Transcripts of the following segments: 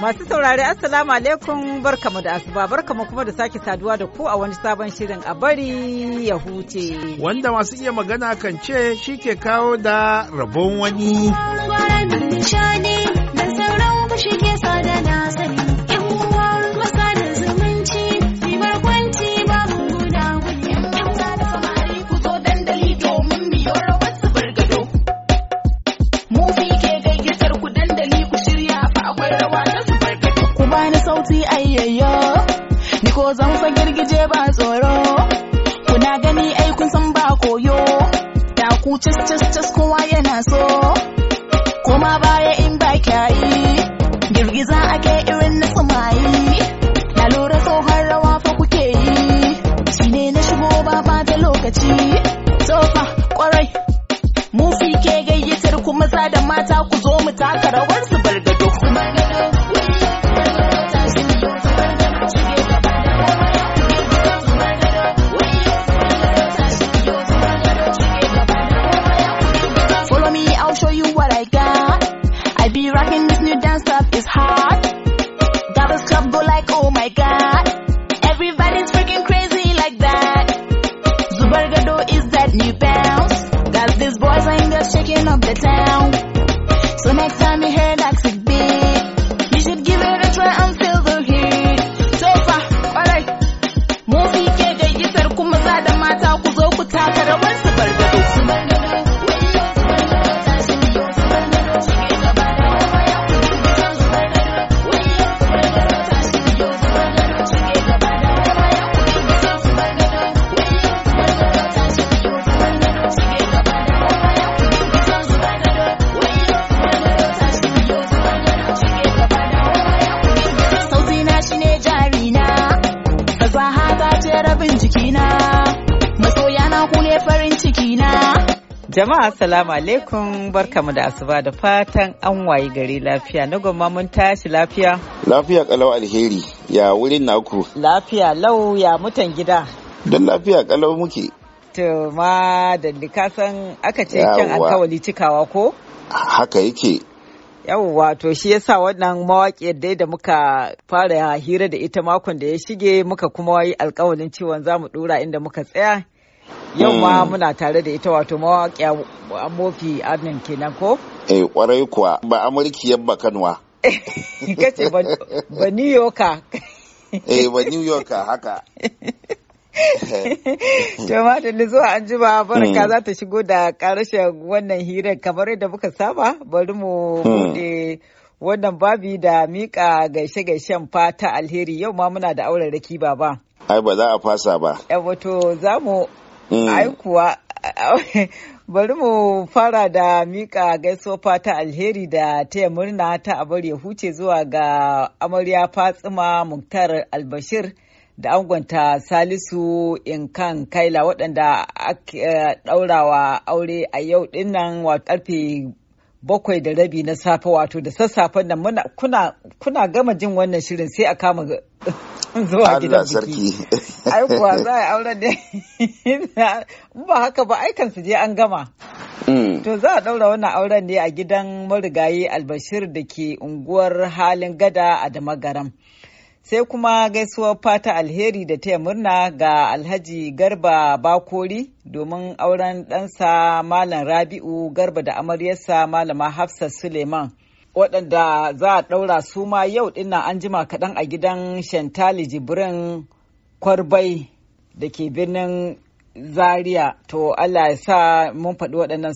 Masu saurari Assalamu alaikum barkamu da asuba barkamu kuma da sake saduwa da ku a wani sabon shirin a bari ya huce. Wanda masu iya magana kan ce shi ke kawo da rabon wani. da sauran shi sa da so zan fa girgije ba tsoro kuna gani ai kun san ba koyo da ku cis cis cis ko down. cikina. Jama'a salamu alaikum barkamu da asuba da fatan an wayi gari lafiya na gwamma mun tashi lafiya. Lafiya kalau alheri ya wurin naku. Lafiya lau ya mutan gida. Don lafiya kalau muke. To ma da san aka ce kyan alkawali cikawa ko? Haka yake. yawwa to shi yasa wannan mawaƙiyar dai da muka fara hira da ita makon da ya shige muka kuma yi alkawalin ciwon za mu dura inda muka tsaya yau ma hmm. muna tare da ita wato mawaƙiya mofi amin kenan ko? Eh kwarai kuwa ba amurki yabba kanwa. Kace ba New Yorker. Eh ba New Yorker haka. Jama'a da zuwa an ba barka hmm. za ta shigo da karshen wannan hirar kamar yadda muka saba bari mu hmm. bude wannan babi da mika gaishe-gaishen fata alheri yau ma muna da auren raki ba ba. Ai ba za a fasa ba. wato za mu Mm. Ai kuwa bari mu fara da mika gaiso ta alheri da taya murna ta abar ya huce zuwa ga amarya fatsima muktar albashir da angonta salisu inkan kaila waɗanda aka eh, ɗaurawa aure a yau ɗinnan wa ƙarfe bakwai da rabi na safe wato da sassafen nan muna kuna gama jin wannan shirin sai a kama zuwa gidan biki ai kuwa za a aure da ba haka ba aikan su je an gama mm. to za a daura wannan auren ne a gidan marigayi albashir da ke unguwar halin gada a damagaram sai kuma gaisuwar fata alheri da taya murna ga alhaji garba bakori domin auren ɗansa malam rabi'u garba da amaryarsa malama hafsa suleiman waɗanda za a ɗaura su ma yau ɗinnan an jima kaɗan a gidan shantali jibrin kwarbai da ke birnin zaria to allah ya sa mun faɗi waɗannan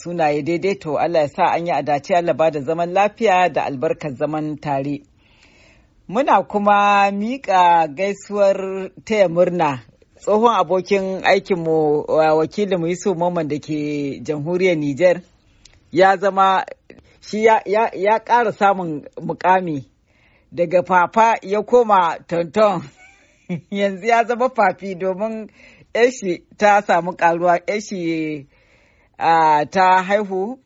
sunaye daidai to allah ya sa an yi a dace allah ba da zaman lafiya da albarkar zaman tare Muna kuma miƙa gaisuwar taya murna tsohon abokin aikinmu wakilinmu Yusuf Mamman da ke jamhuriyar Nijar ya zama shi ya ƙara samun mukami daga fafa ya koma tonton yanzu ya zama fafi domin eshi ta samu karuwa eshi ta haihu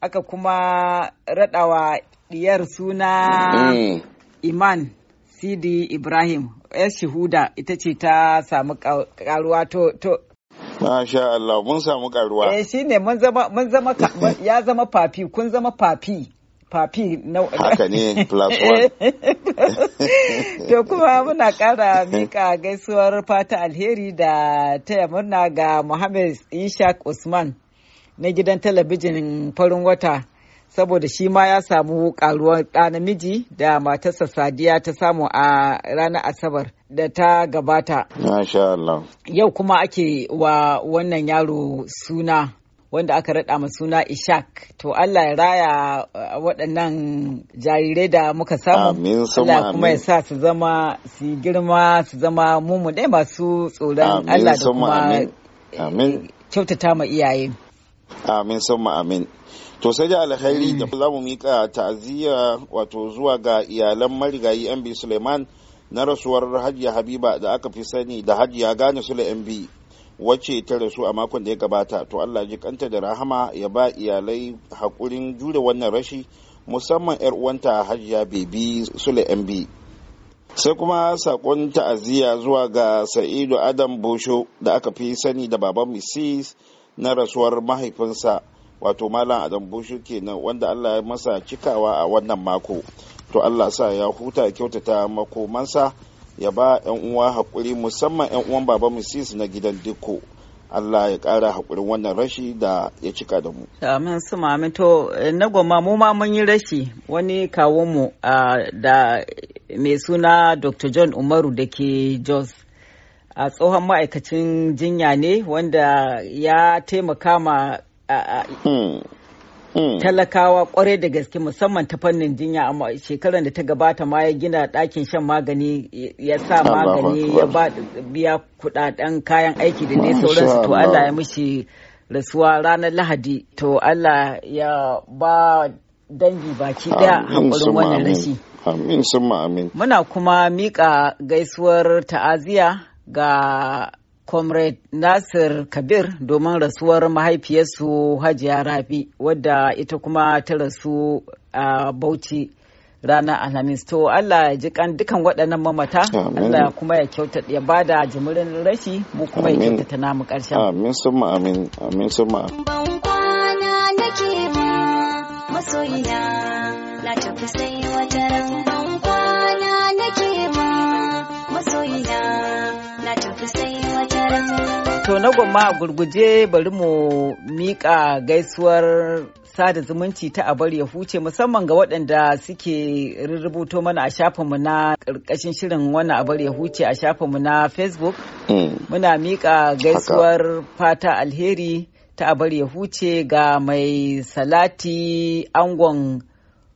aka kuma raɗawa diyar suna mm. iman sidi ibrahim yar shahuda ita ce ta samu karuwa to Masha Allah mun samu karuwa. Eh shi ne mun zama ya zama fafi kun zama fafi fafi na haka ne plus one. To kuma muna kara mika gaisuwar fata alheri da taya murna ga Muhammad Ishaq Usman na gidan talabijin farin wata. saboda shi ma ya samu karuwar ɗa namiji da matarsa sadiya ta samu a ranar asabar da ta gabata. Allah. Yau kuma ake wa wannan yaro suna wanda aka raɗa ma suna Ishak. To Allah ya raya uh, waɗannan jarirai da muka samu. Amin Allah kuma ya sa su zama su girma su zama mumu dai masu tsoron Allah da kuma eh, kyautata ma iyaye. Amin summa amin. To sai da alkhairi mm. da za mu mika ta'aziyya wato zuwa ga iyalan marigayi MB Suleiman na rasuwar Hajiya Habiba da aka fi sani da Hajiya Gane Sule MB wacce ta rasu a makon da ya gabata to Allah ji kanta da rahama ya ba iyalai haƙurin jure wannan rashi musamman yar uwanta Hajiya Bebi Sule MB. Sai kuma sakon ta'aziyya zuwa ga Sa'idu Adam Bosho da aka fi sani da baban Mrs na rasuwar mahaifinsa wato malam adam bushu kenan wanda allah ya masa cikawa a wannan mako to allah sa ya huta kyautata makomansa ya ba 'yan uwa haƙuri musamman 'yan uwan baba musis na gidan dikko Allah ya ƙara haƙurin wannan rashi da ya cika da mu. Amin su mami to eh, na goma mu ma mun yi rashi wani mu da mai suna Dr. John Umaru da ke Jos. A tsohon ma'aikacin jinya ne wanda ya taimaka ma Hmm. Hmm. talakawa kwarai da gaske musamman ta fannin jinya amma shekarar da ta gabata ma ya gina dakin shan magani ya sa magani ya biya kudaden kayan aiki da dai sauransu to Allah ya mishi rasuwa ranar lahadi to Allah ya ba dangi baki daya hakurin wannan rashi amin sun amin muna kuma mika gaisuwar ta'aziya ga comrade nasir kabir domin rasuwar mahaifiyarsu hajiya rabi wadda ita kuma ta rasu a bauchi ranar alhamis to allah ya ji kan dukan waɗannan mamata allah kuma ya kyauta ya ba da jimirin rashi mu kuma ya kyautata namu ƙarshen amin summa amin amin summa ban kwana nake ba masoyina na tafi sai wata ran ban kwana nake ba masoyina na tafi sai To na gwamma a gurguje bari mu mika gaisuwar sada zumunci ta abar ya huce musamman ga waɗanda suke rubuto mana a shafinmu na ƙarƙashin shirin wani abar ya huce a shafinmu na Facebook. Mm. Muna mika gaisuwar fata alheri ta abar ya huce ga mai salati angon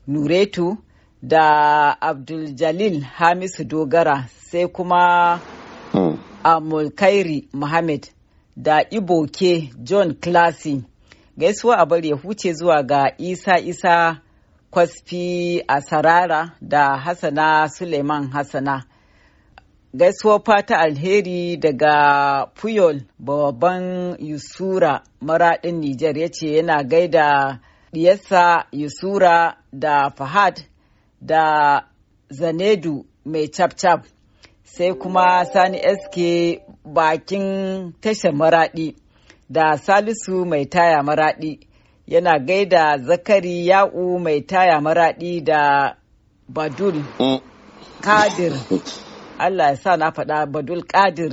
Nuretu da Abdul Jalil Hamisu Dogara sai kuma mm. Amulkairi Mohammed da Iboke John Classy gaisuwa a bari ya huce zuwa ga Isa Isa Kwasfi a Sarara da Hassana Suleiman Hassana. gaisuwa fata alheri daga Puyol babban Yusura maradin Nijar ya ce yana gaida diyarsa Yusura da Fahad da Zanedu mai cap-cap. sai kuma sani sk bakin tashar maradi da salisu mai taya maradi yana gaida zakari ya'u mai taya maradi da badul mm. kadir allah ya sa na faɗa badul kadir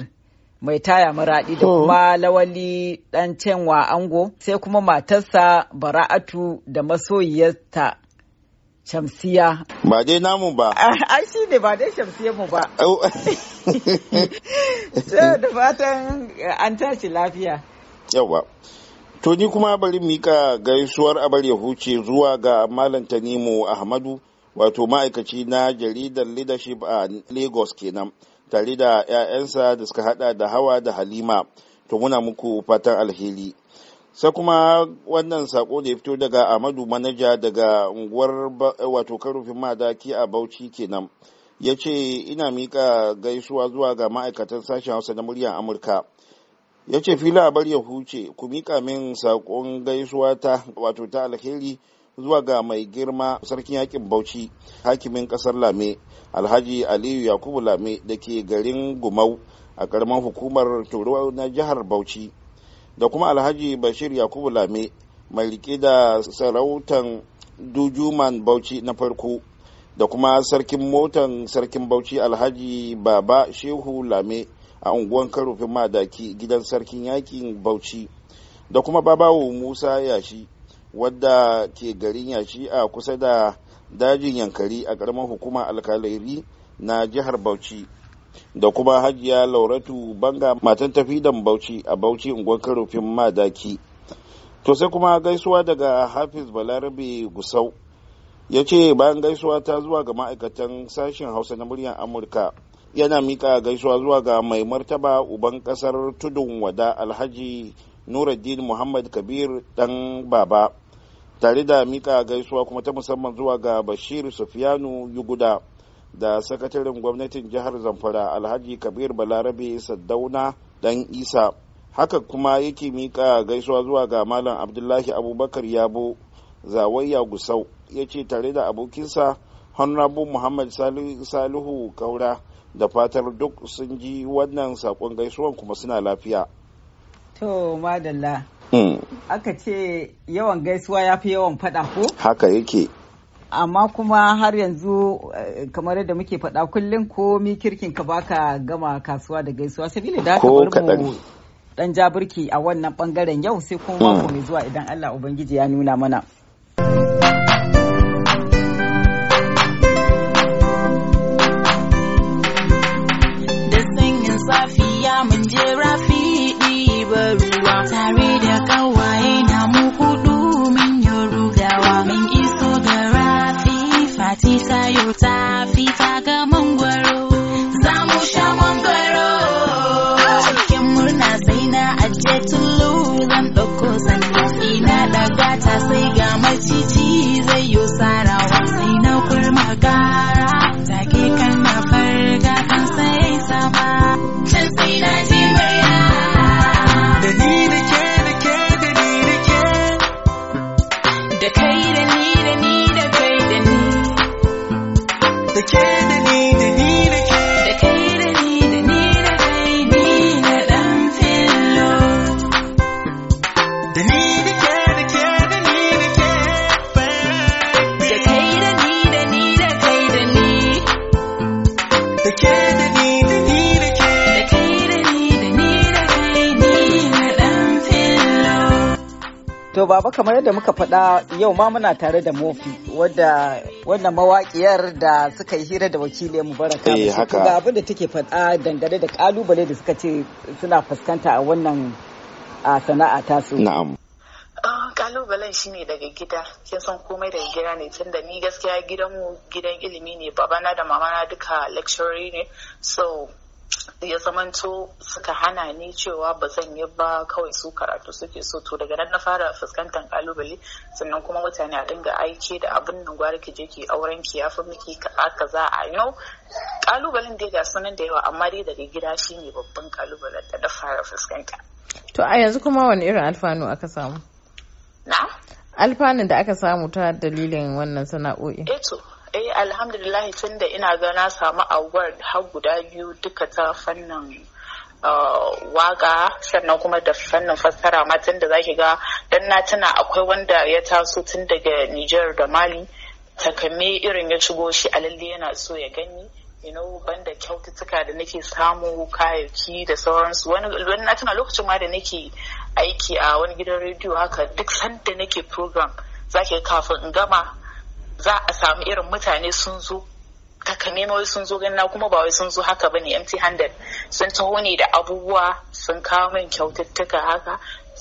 mai taya maraɗi da mm. kuma lawali ɗan cenwa ango sai kuma matarsa bara'atu da masoyiyarta shamsiya ba dai namu ba ah, ai shi ne ba dai shamsiya mu ba da fatan an tashi lafiya yawa to ni kuma bari mika gaisuwar abar ya huce zuwa ga malam tanimu ahmadu wato ma'aikaci na jaridar leadership a lagos kenan tare da 'ya'yansa da suka hada da hawa da halima to muna muku fatan alheri sai kuma wannan sako da ya fito daga amadu manaja daga unguwar wato karufin madaki a bauchi kenan ya ce ina mika gaisuwa zuwa ga ma'aikatan sashen hausa na muryar amurka ya ce fila a bar ya huce ku mika min sakon gaisuwa ta wato ta alheri zuwa ga mai girma sarkin yakin bauchi hakimin kasar lame alhaji aliyu yakubu lame da ke garin gumau a karamar hukumar turo na jihar bauchi da kuma alhaji bashir yakubu lame mai rike da sarautan dujuman bauchi na farko da kuma sarkin motan sarkin bauchi alhaji baba shehu lame a unguwan karofin madaki gidan sarkin yakin bauchi da kuma babawo musa yashi wadda ke garin yashi a kusa da dajin yankari a ƙaramin hukumar alkalairi na jihar bauchi da kuma hajiya lauratu banga matan tafi da bauchi a bauchi unguwar karofin madaki to sai kuma gaisuwa daga hafiz balarabe gusau ya ce bayan gaisuwa ta zuwa ga ma'aikatan sashen hausa na muryar amurka yana mika gaisuwa zuwa ga mai martaba uban kasar tudun wada alhaji nuruddin muhammad kabir dan baba tare da mika gaisuwa kuma ta musamman zuwa ga bashir sufiyanu yuguda da sakataren gwamnatin jihar zamfara alhaji kabir balarabe saddauna dan isa haka kuma yake mika gaisuwa zuwa ga malam abdullahi abubakar yabo zawayya gusau ya ce tare da abokinsa honorable muhammad salihu kaura da fatar duk sun ji wannan sakon gaisuwan kuma suna lafiya to madalla hmm. aka ce yawan gaisuwa ya fi yawan faɗa ko haka yake amma kuma har yanzu eh, kamar yadda muke faɗa kullum ko mi kirkin ka baka gama kasuwa da gaisuwa sabili da ka bar mu dan jabirki a wannan bangaren yau sai kuma mako mm. mai zuwa idan Allah ubangiji ya nuna mana easy to kamar yadda muka faɗa yau ma muna tare da mofi wadda wannan mawaƙiyar da suka yi hira da wakilin mu baraka eh, ga abin da take faɗa dangane da kalubale da suka ce suna fuskanta a wannan sana'a tasu na'am kalubalen ah, shine daga gida kin san komai daga gida ne tun da ni gaskiya gidanmu gidan ilimi ne babana da mamana duka lecturer ne so ya zamanto suka hana ni cewa ba zan yi ba kawai su karatu suke so to daga nan na fara fuskantar kalubale sannan kuma mutane a dinga aiki da abin nan gwara ki je ki auren ki yafi miki aka za a yau kalubalen dai ga sunan da yawa amma dai daga gida shi ne babban kalubalen da na fara fuskanta to a yanzu kuma wani irin alfanu aka samu na alfanun da aka samu ta dalilin wannan sana'o'i eh to eh alhamdulillah tun da ina ga na samu award har guda biyu duka ta fannin Uh, waka sannan kuma da fannin fassara ma tun da zaki ga dan na tuna akwai wanda ya taso tun daga Nijar da Mali takame irin ya shigo shi a lalle yana so ya gani you know banda kyaututtuka da nake samu kayayyaki da sauransu wani wani na tuna lokacin ma da nake aiki a wani gidan rediyo haka duk sanda nake program zaki kafin in gama za a samu irin mutane sun zo takame wai sun zo ganna kuma ba wai sun zo haka bane empty handed sun taho ne da abubuwa sun kawo min kyaututtuka haka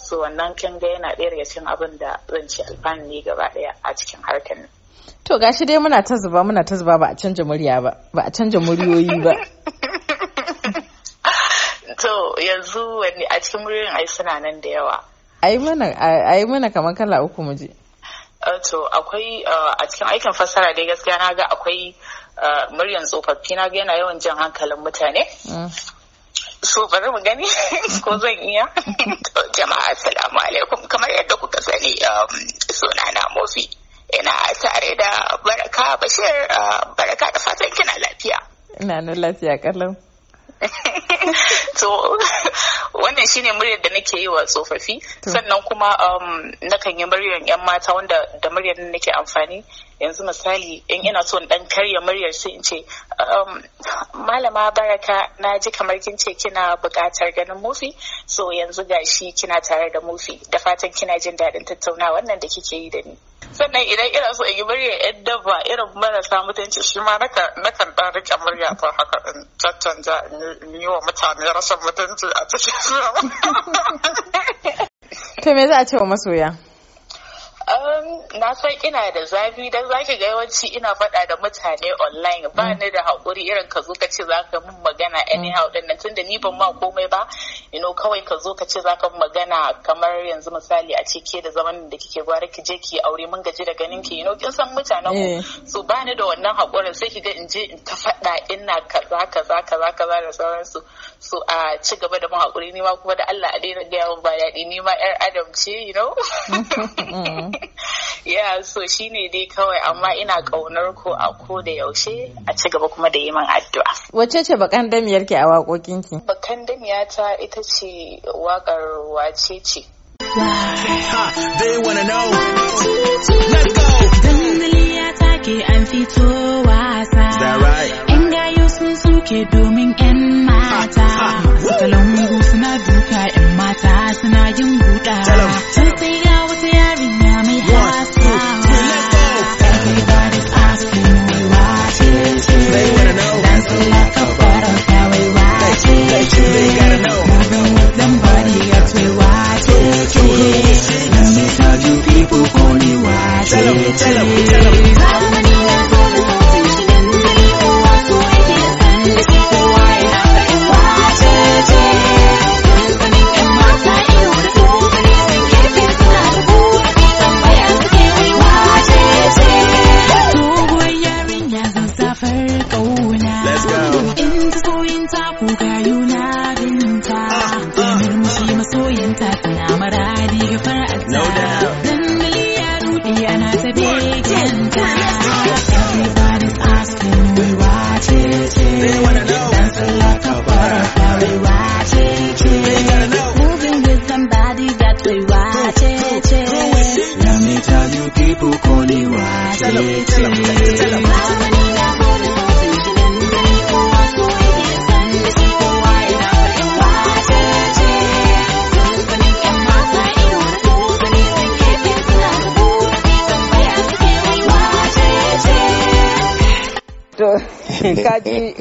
su wannan kin ga yana ɗaya daga cikin abin da zan ci alfani ne gaba ɗaya a cikin harkar nan to gashi dai muna ta zuba muna ta zuba ba a canja murya ba ba a canja muryoyi ba to yanzu wani a cikin muryoyin ai suna nan da yawa ai mana ai mana kamar kala uku mu je Eh, to akwai eh, a cikin aikin fasara dai gaskiya na ga akwai eh, muryan tsofaffi na ga yana yawan jan hankalin mutane mm. so bari mu gani ko zan iya jama'a assalamu alaikum kamar yadda kuka sani um, suna na mofi ina tare da baraka bashir baraka da fatan kina lafiya ina nan lafiya kallon to wannan shine muryar da nake yi wa tsofaffi sannan kuma um, nakan yi muryar yan mata wanda da muryar nake amfani yanzu misali in ina son dan karya muryar sai in ce um, malama baraka na ji kamar kin ce kina bukatar ganin mufi so yanzu gashi kina tare da mufi da fatan kina jin daɗin tattaunawa wannan da kike yi da ni sannan idan ina su in yi murya yan dabba irin marasa mutunci shi ma nakan ɗan rike murya ta haka in caccanja in yi wa mutane rashin mutunci a cikin to me za a ce wa masoya Um, na san ina da zafi don zaki ga yawanci ina faɗa da mutane online ba ni da haƙuri irin ka zo ka ce za ka mun magana anyhow din nan tunda ni ban ma komai ba you know kawai ka zo ka ce za ka magana kamar yanzu misali a ce ke da zaman da kike gwara ki je ki aure mun gaji da ganin ki you know kin san mutanen eh. so ba ni da wannan haƙurin sai ki ga in je in ta faɗa ina kaza kaza kaza kaza da sauransu so a ci gaba da mu haƙuri ni kuma da Allah a daina gaya min ba daɗi ni ma yar adam ce you know Ya so shine dai kawai amma ina ƙaunar ko a ko da yaushe a ci gaba kuma da yi min addu'a wace ce bakan damiyar ki a waƙoƙin ki bakan damiya ta ita ce waƙar wace ce They wanna know. Let's go. suke an fito wasa. Yan gayu sun suke domin yan mata.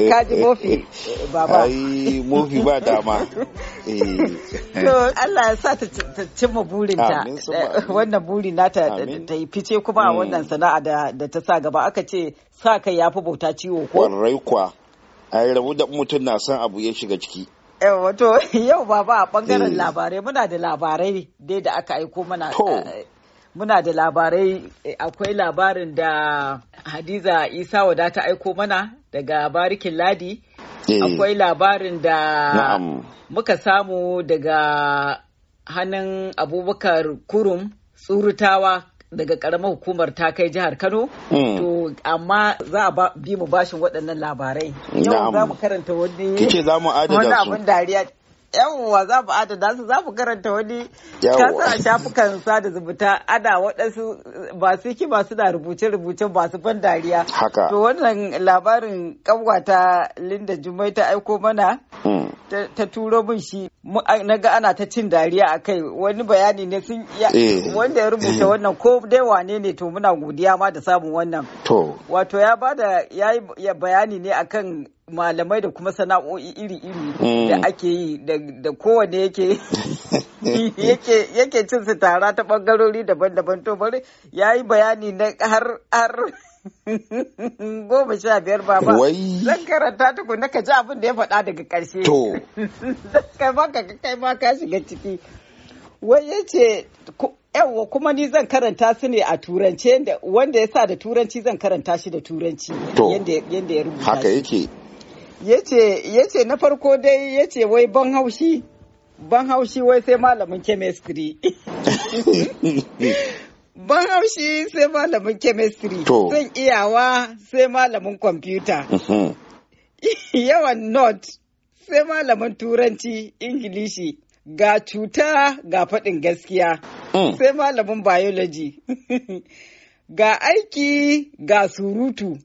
kaji mofi baba ai mofi ba dama eh. to Allah ya sa ta cimma burinta eh, wannan buri nata ta yi fice kuma a mm. wannan sana'a da ta sa gaba aka ce sa kai yafi bauta ciwo ko Rai kwa ai rabu da mutum na san abu ya shiga ciki wato yau baba a bangaren eh. labarai muna da labarai dai da aka aiko mana muna da labarai akwai labarin da hadiza isa wadata ta aiko mana daga barikin ladi eh. akwai labarin da muka samu daga hannun abubakar kurum tsurutawa daga karamar hukumar ta kai jihar Kano. Mm. To amma za a bi mu bashin waɗannan labarai. Yau za mu karanta wani abin dariya. yawwa za mu adana su za mu karanta wani kasa a shafukan sada zumunta ana waɗansu masu hikima suna rubuce ba masu ban dariya. Haka. To wannan labarin ta Linda jumai ta aiko mana. Hmm. ta turo min shi na ga ana ta cin dariya a kai wani bayani ne sun eh. wanda ya rubuta eh. wannan ko dai wane ne to muna godiya ma da samun wannan to wato ya bada ya yi bayani ne akan malamai da kuma sana'o'i iri-iri mm. da ake yi da kowane yake yake cin su tara ta bangarori daban-daban to bari ya yi bayani na har har goma sha biyar ba ba zan karanta ta na ka ji abin da ya faɗa daga ƙarshe to kai ma ka kai ma ka shiga ciki wai ce, yawwa kuma ni zan karanta su ne a turance wanda ya sa da turanci zan karanta shi da turanci yadda ya rubuta haka yake Ya ce na farko dai ya ce wai ban haushi ban haushi wai sai malamin chemistry ban haushi sai malamin chemistry zan iyawa sai malamin kwamfuta yawan not sai malamin turanci ingilishi ga cuta ga faɗin gaskiya mm. sai malamin biology ga aiki ga surutu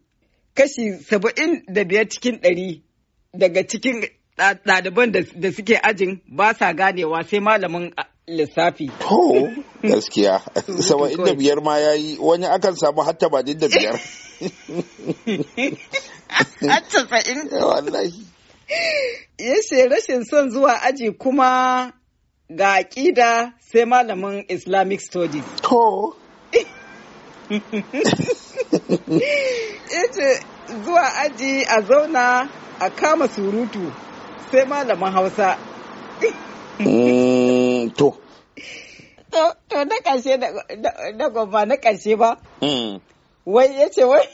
kashi saba'in da biyar cikin ɗari daga cikin ɗaliban da suke ajin ba sa ganewa sai malamin lissafi. To, gaskiya. Saba'in da biyar ma ya yi wani akan samu hatta ba da biyar. Hatta sa'in. Eh, wallahi. Ya ce rashin son zuwa aji kuma ga ƙida sai malamin Islamic Studies. To. yace zuwa aji a zauna a kama surutu sai malamin hausa mm, to to na ƙarshe na gwamma na ƙarshe ba mm. wai ya ce wai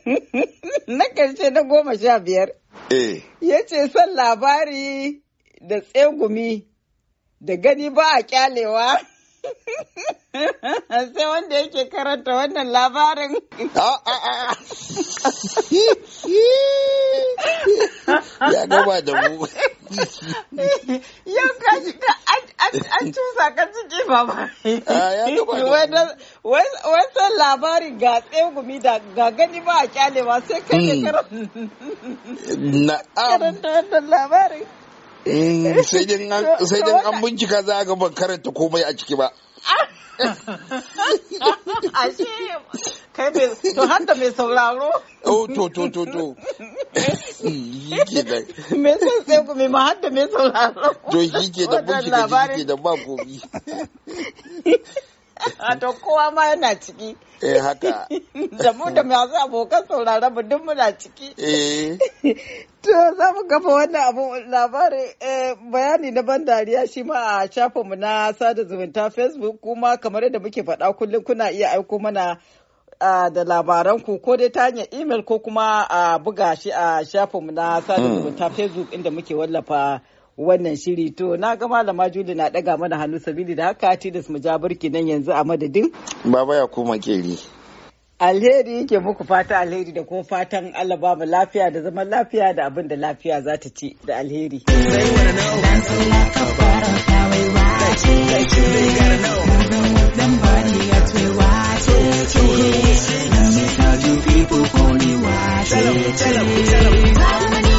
na ƙarshe na goma sha biyar eh. ya ce son labari da tsegumi da gani ba a kyalewa sai wanda yake karanta wannan labarin. Ah, ah, ah, ya gaba da mu. Yau ka shiga an cusa ka ciki baba. Wai sai labari ga tsegumi da ga gani ba a ba sai kai hmm. karanta wannan labarin. Eh, sai dai an bincika za a ga ban karanta komai a ciki ba ashe kai bai to hanta mai sauraro oh to to to to da me sai sai ku mai mahadda mai sauraro to da bincika da ba komi to kowa ma yana ciki eh haka da mu da masu abokan sauraron mu duk muna ciki eh. to za mu kafa wannan abu. labari eh, bayani na ban dariya shi ma a shafinmu na sada zumunta facebook kuma kamar yadda muke faɗa kullum kuna iya aiko mana da labaran ku ko dai ta hanyar email ko kuma a buga shi a shafinmu na sada hmm. zumunta facebook inda muke wallafa wannan shiri to na ga malama Juli na daga mana hannu sabili da haka ti da ja burki nan yanzu a madadin baba ya koma keri alheri yake muku fata alheri da kuma fatan Allah babu mu lafiya da zaman lafiya da abin da lafiya za ta ci da alheri Tell them, tell them, tell them.